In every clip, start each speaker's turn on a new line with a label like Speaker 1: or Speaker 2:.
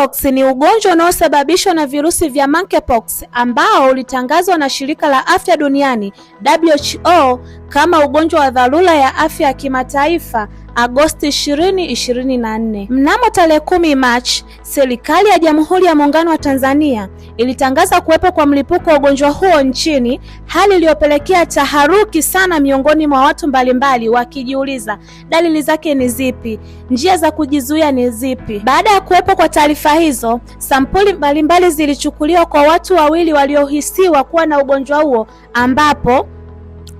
Speaker 1: Monkeypox ni ugonjwa unaosababishwa na virusi vya monkeypox ambao ulitangazwa na Shirika la Afya Duniani WHO kama ugonjwa wa dharura ya afya ya kimataifa Agosti 2024. Mnamo tarehe kumi Machi, serikali ya Jamhuri ya Muungano wa Tanzania ilitangaza kuwepo kwa mlipuko wa ugonjwa huo nchini, hali iliyopelekea taharuki sana miongoni mwa watu mbalimbali, wakijiuliza dalili zake ni zipi, njia za kujizuia ni zipi. Baada ya kuwepo kwa taarifa hizo, sampuli mbalimbali zilichukuliwa kwa watu wawili waliohisiwa kuwa na ugonjwa huo ambapo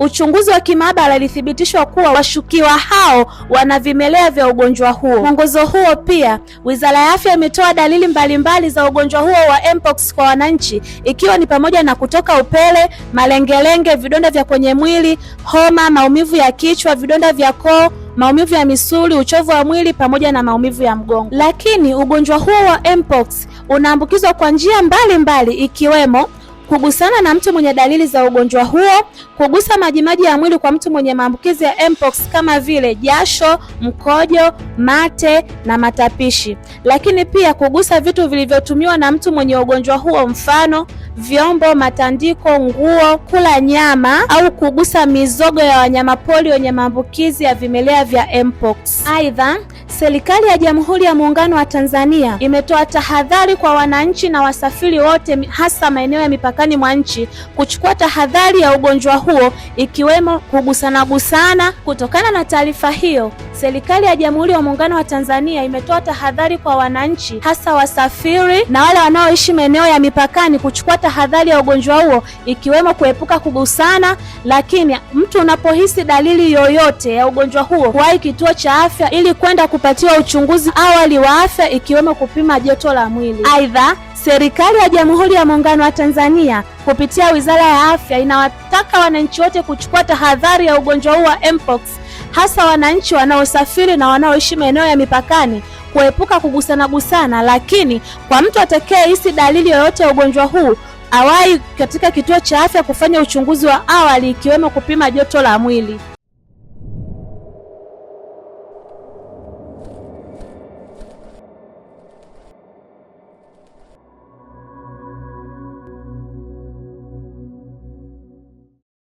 Speaker 1: Uchunguzi wa kimaabara ilithibitishwa kuwa washukiwa hao wana vimelea vya ugonjwa huo. Mwongozo huo pia, Wizara ya Afya imetoa dalili mbalimbali mbali za ugonjwa huo wa mpox kwa wananchi, ikiwa ni pamoja na kutoka upele, malengelenge, vidonda vya kwenye mwili, homa, maumivu ya kichwa, vidonda vya koo maumivu ya misuli, uchovu wa mwili pamoja na maumivu ya mgongo. Lakini ugonjwa huo wa mpox unaambukizwa kwa njia mbalimbali ikiwemo kugusana na mtu mwenye dalili za ugonjwa huo, kugusa majimaji ya mwili kwa mtu mwenye maambukizi ya mpox kama vile jasho, mkojo, mate na matapishi, lakini pia kugusa vitu vilivyotumiwa na mtu mwenye ugonjwa huo, mfano vyombo, matandiko, nguo, kula nyama au kugusa mizogo ya wanyamapori wenye maambukizi ya vimelea vya mpox. Aidha, serikali ya Jamhuri ya Muungano wa Tanzania imetoa tahadhari kwa wananchi na wasafiri wote, hasa maeneo ya mipakani mwa nchi, kuchukua tahadhari ya ugonjwa huo, ikiwemo kugusana gusana. Kutokana na taarifa hiyo, serikali ya Jamhuri ya Muungano wa Tanzania imetoa tahadhari kwa wananchi, hasa wasafiri na wale wanaoishi maeneo ya mipakani kuchukua tahadhari ya ugonjwa huo ikiwemo kuepuka kugusana. Lakini mtu unapohisi dalili yoyote ya ugonjwa huo, kuwahi kituo cha afya ili kwenda kupatiwa uchunguzi awali wa afya ikiwemo kupima joto la mwili. Aidha, serikali ya Jamhuri ya Muungano wa Tanzania kupitia Wizara ya Afya inawataka wananchi wote kuchukua tahadhari ya ugonjwa huo wa mpox, hasa wananchi wanaosafiri na wanaoishi maeneo ya mipakani kuepuka kugusana gusana, lakini kwa mtu atakayehisi dalili yoyote ya ugonjwa huu awai katika kituo cha afya kufanya uchunguzi wa awali ikiwemo kupima joto la mwili.